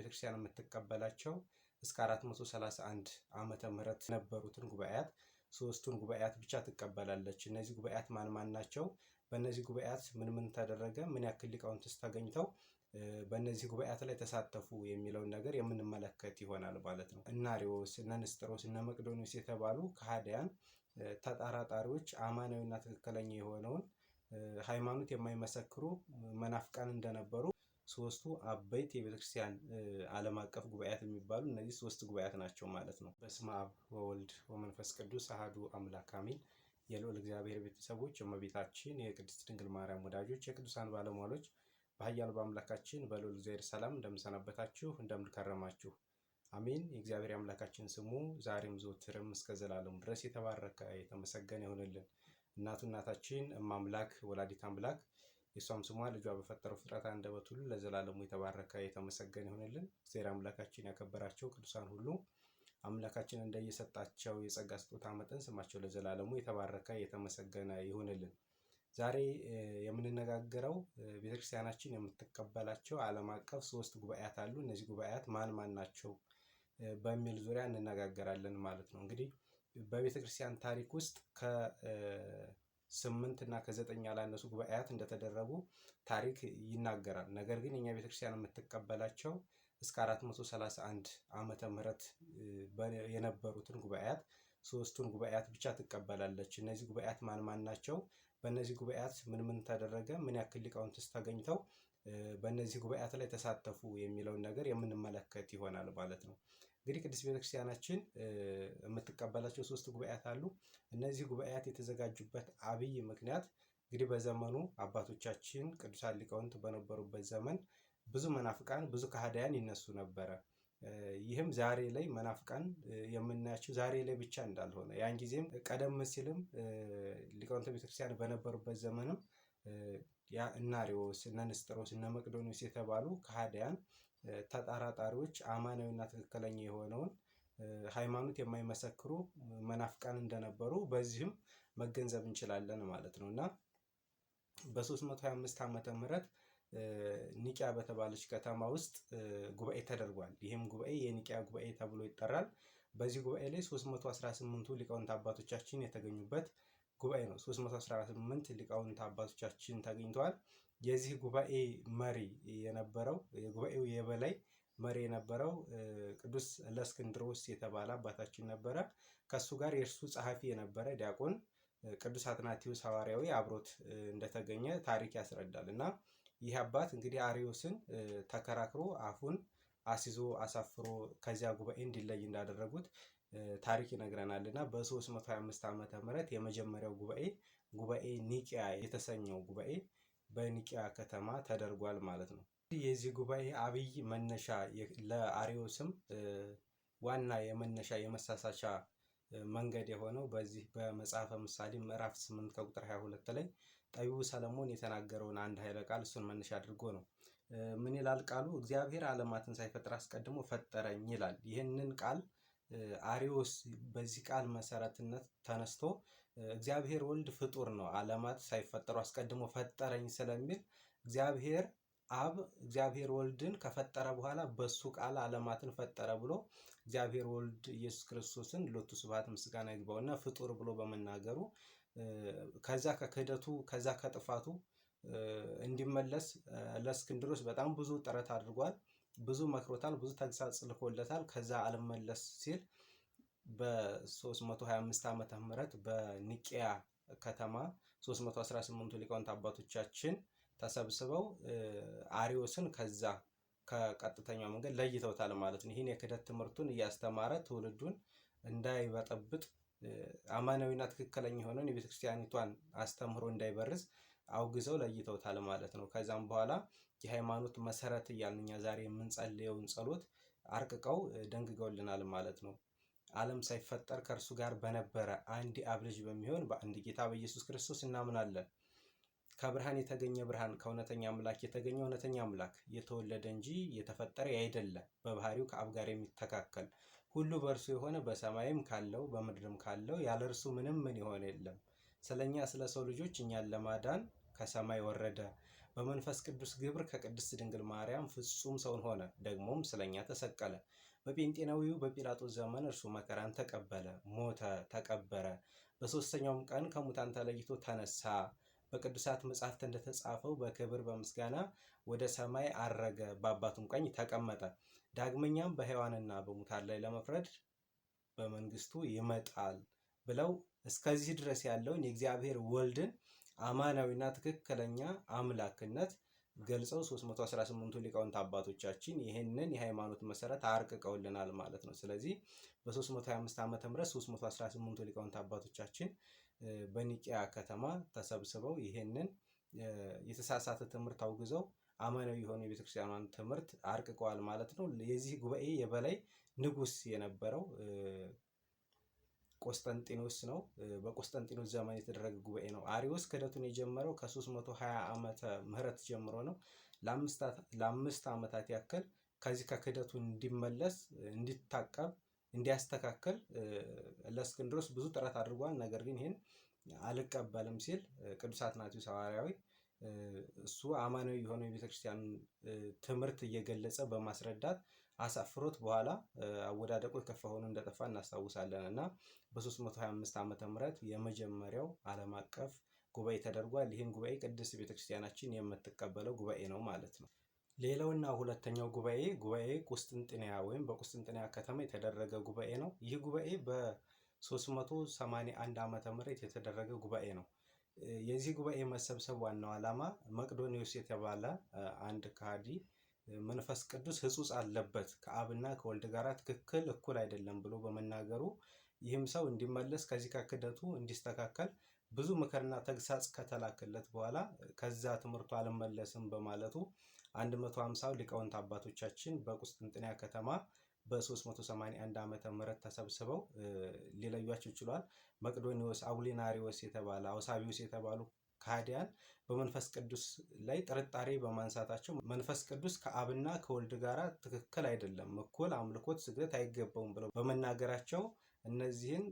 ቤተክርስቲያን የምትቀበላቸው እስከ 431 ዓመተ ምህረት የነበሩትን ጉባኤያት ሶስቱን ጉባኤያት ብቻ ትቀበላለች። እነዚህ ጉባኤያት ማን ማን ናቸው? በእነዚህ ጉባኤያት ምን ምን ተደረገ? ምን ያክል ሊቃውንትስ ተገኝተው በእነዚህ ጉባኤያት ላይ ተሳተፉ የሚለውን ነገር የምንመለከት ይሆናል ማለት ነው። እነ አርዮስ፣ እነ ንስጥሮስ፣ እነ መቅዶኒዎስ የተባሉ ከሃዲያን ተጠራጣሪዎች አማናዊና ትክክለኛ የሆነውን ሃይማኖት የማይመሰክሩ መናፍቃን እንደነበሩ ሶስቱ አበይት የቤተክርስቲያን ዓለም አቀፍ ጉባኤያት የሚባሉ እነዚህ ሶስት ጉባኤያት ናቸው ማለት ነው። በስመ አብ ወወልድ ወመንፈስ ቅዱስ አህዱ አምላክ አሜን። የልዑል እግዚአብሔር ቤተሰቦች፣ እመቤታችን የቅድስት ድንግል ማርያም ወዳጆች፣ የቅዱሳን ባለሟሎች በኃያሉ በአምላካችን በልዑል እግዚአብሔር ሰላም እንደምንሰናበታችሁ እንደምንከረማችሁ አሜን። የእግዚአብሔር አምላካችን ስሙ ዛሬም ዘወትርም እስከ ዘላለሙ ድረስ የተባረከ የተመሰገነ ይሆንልን። እናቱ እናታችን እማምላክ ወላዲት አምላክ የእሷም ስሟ ልጇ በፈጠረው ፍጥረት አንደበት ሁሉ ለዘላለሙ የተባረከ የተመሰገነ ይሆንልን። እግዚአብሔር አምላካችን ያከበራቸው ቅዱሳን ሁሉ አምላካችን እንደየሰጣቸው የጸጋ ስጦታ መጠን ስማቸው ለዘላለሙ የተባረከ የተመሰገነ ይሆንልን ዛሬ የምንነጋገረው ቤተክርስቲያናችን የምትቀበላቸው ዓለም አቀፍ ሶስት ጉባኤያት አሉ። እነዚህ ጉባኤያት ማን ማን ናቸው በሚል ዙሪያ እንነጋገራለን ማለት ነው። እንግዲህ በቤተክርስቲያን ታሪክ ውስጥ ከ ስምንት እና ከዘጠኝ ያላነሱ ጉባኤያት እንደተደረጉ ታሪክ ይናገራል። ነገር ግን የኛ ቤተክርስቲያን የምትቀበላቸው እስከ 431 ዓመተ ምህረት የነበሩትን ጉባኤያት ሶስቱን ጉባኤያት ብቻ ትቀበላለች። እነዚህ ጉባኤያት ማን ማን ናቸው? በእነዚህ ጉባኤያት ምን ምን ተደረገ? ምን ያክል ሊቃውንትስ ተገኝተው በእነዚህ ጉባኤያት ላይ ተሳተፉ የሚለውን ነገር የምንመለከት ይሆናል ማለት ነው። እንግዲህ ቅድስት ቤተክርስቲያናችን የምትቀበላቸው ሶስት ጉባኤያት አሉ። እነዚህ ጉባኤያት የተዘጋጁበት አብይ ምክንያት እንግዲህ በዘመኑ አባቶቻችን ቅዱሳን ሊቃውንት በነበሩበት ዘመን ብዙ መናፍቃን፣ ብዙ ካህዳያን ይነሱ ነበረ። ይህም ዛሬ ላይ መናፍቃን የምናያቸው ዛሬ ላይ ብቻ እንዳልሆነ ያን ጊዜም ቀደም ሲልም ሊቃውንተ ቤተክርስቲያን በነበሩበት ዘመንም ያ እነ አርዮስ እነ ንስጥሮስ እነ መቅዶኒዎስ የተባሉ ካህዳያን ተጠራጣሪዎች አማናዊና ትክክለኛ የሆነውን ሃይማኖት የማይመሰክሩ መናፍቃን እንደነበሩ በዚህም መገንዘብ እንችላለን ማለት ነው እና በ325 ዓመተ ምህረት ኒቂያ በተባለች ከተማ ውስጥ ጉባኤ ተደርጓል። ይህም ጉባኤ የኒቂያ ጉባኤ ተብሎ ይጠራል። በዚህ ጉባኤ ላይ 318ቱ ሊቃውንት አባቶቻችን የተገኙበት ጉባኤ ነው። 318 ሊቃውንት አባቶቻችን ተገኝተዋል። የዚህ ጉባኤ መሪ የነበረው የጉባኤው የበላይ መሪ የነበረው ቅዱስ ለስክንድሮስ የተባለ አባታችን ነበረ። ከሱ ጋር የእርሱ ጸሐፊ የነበረ ዲያቆን ቅዱስ አትናቲዮስ ሐዋርያዊ አብሮት እንደተገኘ ታሪክ ያስረዳል። እና ይህ አባት እንግዲህ አሪዮስን ተከራክሮ አፉን አስይዞ አሳፍሮ ከዚያ ጉባኤ እንዲለይ እንዳደረጉት ታሪክ ይነግረናል። እና በ325 ዓመተ ምህረት የመጀመሪያው ጉባኤ ጉባኤ ኒቅያ የተሰኘው ጉባኤ በኒቂያ ከተማ ተደርጓል ማለት ነው። የዚህ ጉባኤ አብይ መነሻ ለአሪዮስም ዋና የመነሻ የመሳሳቻ መንገድ የሆነው በዚህ በመጽሐፈ ምሳሌ ምዕራፍ 8 ከቁጥር 22 ላይ ጠቢቡ ሰለሞን የተናገረውን አንድ ኃይለ ቃል እሱን መነሻ አድርጎ ነው። ምን ይላል ቃሉ? እግዚአብሔር ዓለማትን ሳይፈጥር አስቀድሞ ፈጠረኝ ይላል። ይህንን ቃል አሪዮስ በዚህ ቃል መሰረትነት ተነስቶ እግዚአብሔር ወልድ ፍጡር ነው። ዓለማት ሳይፈጠሩ አስቀድሞ ፈጠረኝ ስለሚል እግዚአብሔር አብ እግዚአብሔር ወልድን ከፈጠረ በኋላ በሱ ቃል ዓለማትን ፈጠረ ብሎ እግዚአብሔር ወልድ ኢየሱስ ክርስቶስን ሎቱ ስብሐት ምስጋና ይግባውና ፍጡር ብሎ በመናገሩ ከዛ ከክህደቱ ከዛ ከጥፋቱ እንዲመለስ ለእስክንድሮስ በጣም ብዙ ጥረት አድርጓል። ብዙ መክሮታል። ብዙ ተግሳጽ ልኮለታል። ከዛ አልመለስ ሲል በ325 ዓመተ ምህረት በኒቅያ ከተማ 318ቱ ሊቃውንት አባቶቻችን ተሰብስበው አሪዮስን ከዛ ከቀጥተኛው መንገድ ለይተውታል ማለት ነው። ይህን የክደት ትምህርቱን እያስተማረ ትውልዱን እንዳይበጠብጥ አማናዊና ትክክለኛ የሆነውን የቤተክርስቲያኒቷን አስተምህሮ እንዳይበርዝ አውግዘው ለይተውታል ማለት ነው። ከዛም በኋላ የሃይማኖት መሰረት እያልን እኛ ዛሬ የምንጸልየውን ጸሎት አርቅቀው ደንግገውልናል ማለት ነው። ዓለም ሳይፈጠር ከእርሱ ጋር በነበረ አንድ አብ ልጅ በሚሆን በአንድ ጌታ በኢየሱስ ክርስቶስ እናምናለን። ከብርሃን የተገኘ ብርሃን፣ ከእውነተኛ አምላክ የተገኘ እውነተኛ አምላክ፣ የተወለደ እንጂ የተፈጠረ ያይደለ፣ በባህሪው ከአብ ጋር የሚተካከል ሁሉ በእርሱ የሆነ በሰማይም ካለው በምድርም ካለው ያለ እርሱ ምንም ምን የሆነ የለም። ስለኛ ስለ ሰው ልጆች እኛን ለማዳን ከሰማይ ወረደ። በመንፈስ ቅዱስ ግብር ከቅድስት ድንግል ማርያም ፍጹም ሰውን ሆነ። ደግሞም ስለኛ ተሰቀለ። በጴንጤናዊው በጲላጦስ ዘመን እርሱ መከራን ተቀበለ፣ ሞተ፣ ተቀበረ። በሦስተኛውም ቀን ከሙታን ተለይቶ ተነሳ። በቅዱሳት መጻሕፍት እንደተጻፈው በክብር በምስጋና ወደ ሰማይ አረገ፣ በአባቱም ቀኝ ተቀመጠ። ዳግመኛም በሕያዋንና በሙታን ላይ ለመፍረድ በመንግስቱ ይመጣል ብለው እስከዚህ ድረስ ያለውን የእግዚአብሔር ወልድን አማናዊና ትክክለኛ አምላክነት ገልጸው 318ቱ ሊቃውንት አባቶቻችን ይህንን የሃይማኖት መሰረት አርቅቀውልናል ማለት ነው። ስለዚህ በ325 ዓ ም 318ቱ ሊቃውንት አባቶቻችን በኒቂያ ከተማ ተሰብስበው ይህንን የተሳሳተ ትምህርት አውግዘው አማናዊ የሆነ የቤተክርስቲያኗን ትምህርት አርቅቀዋል ማለት ነው። የዚህ ጉባኤ የበላይ ንጉስ የነበረው ቆስጠንጢኖስ ነው። በቆስጠንጢኖስ ዘመን የተደረገ ጉባኤ ነው። አሪዎስ ክህደቱን የጀመረው ከ320 ዓመተ ምህረት ጀምሮ ነው። ለአምስት ዓመታት ያክል ከዚህ ከክህደቱ እንዲመለስ፣ እንዲታቀብ፣ እንዲያስተካክል ለእስክንድሮስ ብዙ ጥረት አድርጓል። ነገር ግን ይህን አልቀበልም ሲል ቅዱስ አትናቴዎስ ሐዋርያዊ እሱ አማናዊ የሆነ የቤተክርስቲያን ትምህርት እየገለጸ በማስረዳት አሳፍሮት በኋላ አወዳደቁ የከፋ ሆኖ እንደጠፋ እናስታውሳለን እና በ325 ዓመተ ም የመጀመሪያው ዓለም አቀፍ ጉባኤ ተደርጓል። ይህን ጉባኤ ቅድስት ቤተክርስቲያናችን የምትቀበለው ጉባኤ ነው ማለት ነው። ሌላውና ሁለተኛው ጉባኤ ጉባኤ ቁስጥንጥንያ ወይም በቁስጥንጥንያ ከተማ የተደረገ ጉባኤ ነው። ይህ ጉባኤ በ381 ዓ ም የተደረገ ጉባኤ ነው። የዚህ ጉባኤ መሰብሰብ ዋናው ዓላማ መቅዶኒዮስ የተባለ አንድ ካዲ መንፈስ ቅዱስ ህጹጽ አለበት ከአብና ከወልድ ጋራ ትክክል እኩል አይደለም ብሎ በመናገሩ ይህም ሰው እንዲመለስ ከዚህ ከክደቱ እንዲስተካከል ብዙ ምክርና ተግሳጽ ከተላከለት በኋላ ከዛ ትምህርቱ አልመለስም በማለቱ 150 ሊቃውንት አባቶቻችን በቁስጥንጥንያ ከተማ በ381 ዓመተ ምህረት ተሰብስበው ሊለዩቸው ችሏል። መቅዶኒዎስ፣ አቡሊናሪዎስ የተባለ አውሳቢዎስ የተባሉ ከሃዲያን በመንፈስ ቅዱስ ላይ ጥርጣሬ በማንሳታቸው መንፈስ ቅዱስ ከአብና ከወልድ ጋር ትክክል አይደለም፣ እኩል አምልኮት ስግደት አይገባውም ብለው በመናገራቸው እነዚህን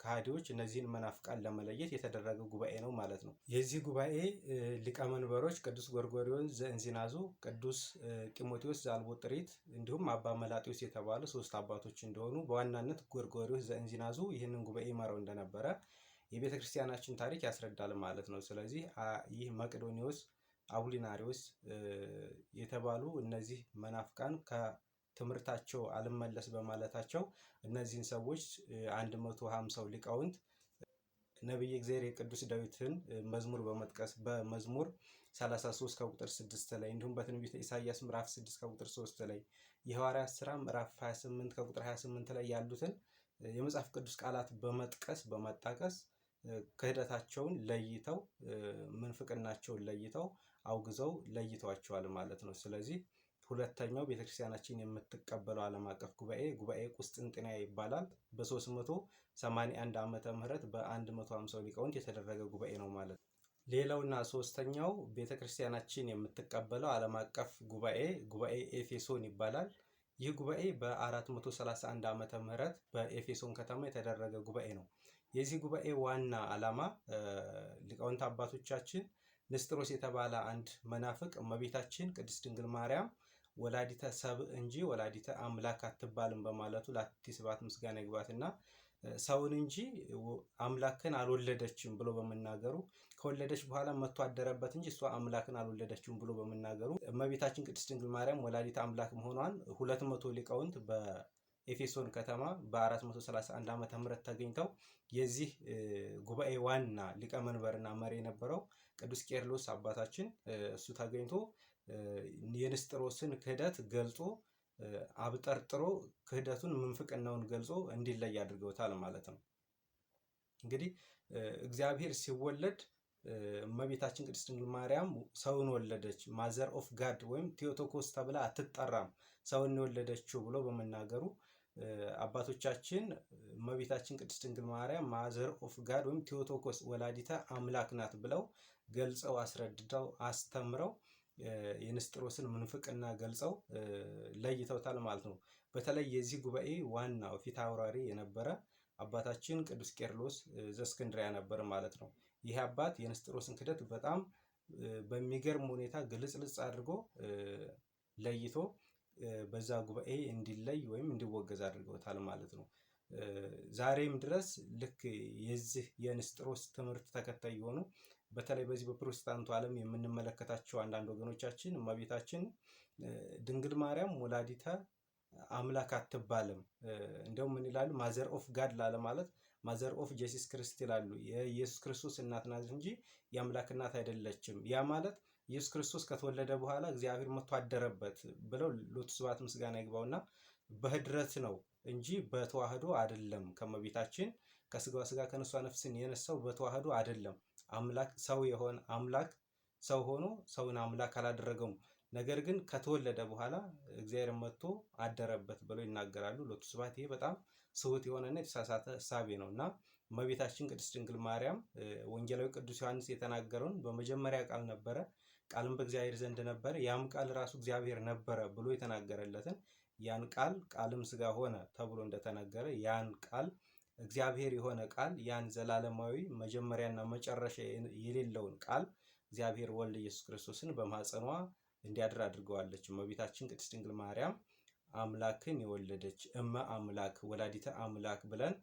ከሃዲዎች እነዚህን መናፍቃን ለመለየት የተደረገ ጉባኤ ነው ማለት ነው። የዚህ ጉባኤ ሊቀመንበሮች ቅዱስ ጎርጎሪዮን ዘእንዚናዙ፣ ቅዱስ ጢሞቴዎስ ጥሪት እንዲሁም አባ መላጤዎስ የተባሉ ሶስት አባቶች እንደሆኑ በዋናነት ጎርጎሪዮስ ዘእንዚናዙ ይህንን ጉባኤ ይመራው እንደነበረ የቤተ ክርስቲያናችን ታሪክ ያስረዳል ማለት ነው። ስለዚህ ይህ መቅዶኒዎስ፣ አቡሊናሪዎስ የተባሉ እነዚህ መናፍቃን ከትምህርታቸው አልመለስ በማለታቸው እነዚህን ሰዎች አንድ መቶ ሀምሳው ሊቃውንት ነቢይ እግዚአብሔር የቅዱስ ዳዊትን መዝሙር በመጥቀስ በመዝሙር 33 ከቁጥር 6 ላይ እንዲሁም በትንቢት ኢሳያስ ምዕራፍ 6 ከቁጥር 3 ላይ የሐዋርያት ስራ ምዕራፍ 28 ከቁጥር 28 ላይ ያሉትን የመጽሐፍ ቅዱስ ቃላት በመጥቀስ በማጣቀስ ክህደታቸውን ለይተው ምንፍቅናቸውን ለይተው አውግዘው ለይተዋቸዋል ማለት ነው። ስለዚህ ሁለተኛው ቤተክርስቲያናችን የምትቀበለው ዓለም አቀፍ ጉባኤ ጉባኤ ቁስጥንጥንያ ይባላል። በ381 ዓመተ ምህረት በ150 ሊቃውንት የተደረገ ጉባኤ ነው ማለት ነው። ሌላውና ሶስተኛው ቤተክርስቲያናችን የምትቀበለው ዓለም አቀፍ ጉባኤ ጉባኤ ኤፌሶን ይባላል። ይህ ጉባኤ በ431 ዓመተ ምህረት በኤፌሶን ከተማ የተደረገ ጉባኤ ነው። የዚህ ጉባኤ ዋና ዓላማ ሊቃውንት አባቶቻችን ንስጥሮስ የተባለ አንድ መናፍቅ እመቤታችን ቅድስት ድንግል ማርያም ወላዲተ ሰብእ እንጂ ወላዲተ አምላክ አትባልም በማለቱ ለአቲ ስብሐት ምስጋና ይግባትና ሰውን እንጂ አምላክን አልወለደችም ብሎ በመናገሩ ከወለደች በኋላ መቶ አደረበት እንጂ እሷ አምላክን አልወለደችም ብሎ በመናገሩ እመቤታችን ቅድስት ድንግል ማርያም ወላዲተ አምላክ መሆኗን ሁለት መቶ ሊቃውንት ኤፌሶን ከተማ በ431 ዓ ም ተገኝተው የዚህ ጉባኤ ዋና ሊቀመንበርና መሪ የነበረው ቅዱስ ቄርሎስ አባታችን እሱ ተገኝቶ የንስጥሮስን ክህደት ገልጾ አብጠርጥሮ ክህደቱን ምንፍቅናውን ገልጾ እንዲለይ አድርገውታል ማለት ነው። እንግዲህ እግዚአብሔር ሲወለድ እመቤታችን ቅድስት ድንግል ማርያም ሰውን ወለደች፣ ማዘር ኦፍ ጋድ ወይም ቴዎቶኮስ ተብላ አትጠራም፣ ሰውን የወለደችው ብሎ በመናገሩ አባቶቻችን እመቤታችን ቅድስት ድንግል ማርያም ማዘር ኦፍ ጋድ ወይም ቴዎቶኮስ ወላዲታ አምላክ ናት ብለው ገልጸው አስረድተው አስተምረው የንስጥሮስን ምንፍቅና ገልጸው ለይተውታል ማለት ነው። በተለይ የዚህ ጉባኤ ዋናው ፊት አውራሪ የነበረ አባታችን ቅዱስ ቄርሎስ ዘእስክንድርያ ነበር ማለት ነው። ይህ አባት የንስጥሮስን ክደት በጣም በሚገርም ሁኔታ ግልጽልጽ አድርጎ ለይቶ በዛ ጉባኤ እንዲለይ ወይም እንዲወገዝ አድርገውታል ማለት ነው። ዛሬም ድረስ ልክ የዚህ የንስጥሮስ ትምህርት ተከታይ የሆኑ በተለይ በዚህ በፕሮቴስታንቱ ዓለም የምንመለከታቸው አንዳንድ ወገኖቻችን እመቤታችን ድንግል ማርያም ወላዲተ አምላክ አትባልም፣ እንደውም ምን ይላሉ ማዘር ኦፍ ጋድ ላለማለት ማዘር ኦፍ ጀሲስ ክርስት ይላሉ። የኢየሱስ ክርስቶስ እናት ናት እንጂ የአምላክ እናት አይደለችም። ያ ማለት ኢየሱስ ክርስቶስ ከተወለደ በኋላ እግዚአብሔር መጥቶ አደረበት ብለው ሎቱ ስብሐት ምስጋና ይግባውና በህድረት ነው እንጂ በተዋህዶ አይደለም። ከመቤታችን ከስጋዋ ስጋ ከነሷ ነፍስን የነሳው በተዋህዶ አይደለም። አምላክ ሰው የሆነ አምላክ ሰው ሆኖ ሰውን አምላክ አላደረገውም። ነገር ግን ከተወለደ በኋላ እግዚአብሔር መጥቶ አደረበት ብለው ይናገራሉ ሎቱ ስብሐት። ይሄ በጣም ስሁት የሆነና የተሳሳተ እሳቤ ነው እና እመቤታችን ቅድስት ድንግል ማርያም ወንጌላዊ ቅዱስ ዮሐንስ የተናገረውን በመጀመሪያ ቃል ነበረ፣ ቃልም በእግዚአብሔር ዘንድ ነበረ፣ ያም ቃል ራሱ እግዚአብሔር ነበረ ብሎ የተናገረለትን ያን ቃል ቃልም ስጋ ሆነ ተብሎ እንደተናገረ ያን ቃል እግዚአብሔር የሆነ ቃል ያን ዘላለማዊ መጀመሪያና መጨረሻ የሌለውን ቃል እግዚአብሔር ወልድ ኢየሱስ ክርስቶስን በማጸኗ እንዲያድር አድርገዋለች እመቤታችን ቅድስት ድንግል ማርያም። አምላክን የወለደች እመ አምላክ ወላዲተ አምላክ ብለን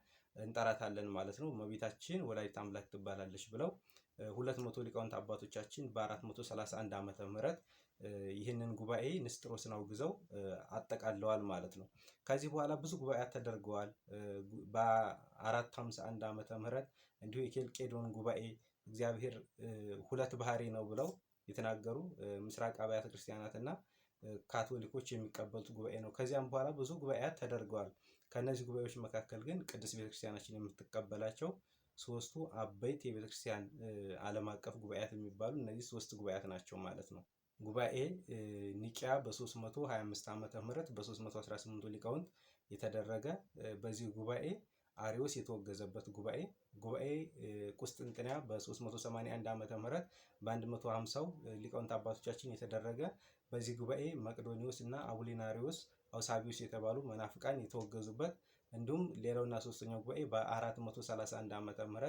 እንጠራታለን ማለት ነው። እመቤታችን ወላዲተ አምላክ ትባላለች ብለው ሁለት መቶ ሊቃውንት አባቶቻችን በ431 ዓመተ ምህረት ይህንን ጉባኤ ንስጥሮስን አውግዘው አጠቃለዋል ማለት ነው። ከዚህ በኋላ ብዙ ጉባኤያት ተደርገዋል። በ451 ዓመተ ምህረት እንዲሁ የኬልቄዶን ጉባኤ እግዚአብሔር ሁለት ባህሪ ነው ብለው የተናገሩ ምስራቅ አብያተ ክርስቲያናትና ካቶሊኮች የሚቀበሉት ጉባኤ ነው። ከዚያም በኋላ ብዙ ጉባኤያት ተደርገዋል። ከእነዚህ ጉባኤዎች መካከል ግን ቅድስት ቤተክርስቲያናችን የምትቀበላቸው ሶስቱ አበይት የቤተክርስቲያን ዓለም አቀፍ ጉባኤያት የሚባሉ እነዚህ ሶስት ጉባኤያት ናቸው ማለት ነው። ጉባኤ ኒቂያ በ325 ዓመተ ምህረት በ318 ሊቃውንት የተደረገ በዚህ ጉባኤ አሪዎስ የተወገዘበት ጉባኤ ጉባኤ ቁስጥንጥንያ በ381 ዓ ም በ150 ሊቃውንት አባቶቻችን የተደረገ በዚህ ጉባኤ መቅዶኒዎስ እና አቡሊናሪዎስ አውሳቢዎስ የተባሉ መናፍቃን የተወገዙበት እንዲሁም ሌላውና ሶስተኛው ጉባኤ በ431 ዓ ም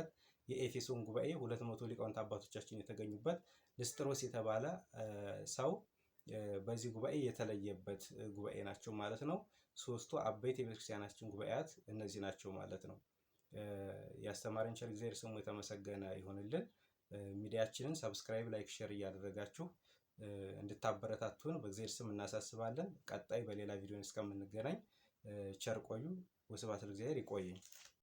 የኤፌሶን ጉባኤ 200 ሊቃውንት አባቶቻችን የተገኙበት ልስጥሮስ የተባለ ሰው በዚህ ጉባኤ የተለየበት ጉባኤ ናቸው ማለት ነው። ሶስቱ አበይት የቤተክርስቲያናችን ጉባኤያት እነዚህ ናቸው ማለት ነው። ያስተማረን ቸር እግዚአብሔር ስሙ የተመሰገነ ይሆንልን ሚዲያችንን ሰብስክራይብ፣ ላይክ፣ ሼር እያደረጋችሁ እንድታበረታቱን በእግዚአብሔር ስም እናሳስባለን። ቀጣይ በሌላ ቪዲዮን እስከምንገናኝ ቸር ቆዩ። ወስብሐት ለእግዚአብሔር።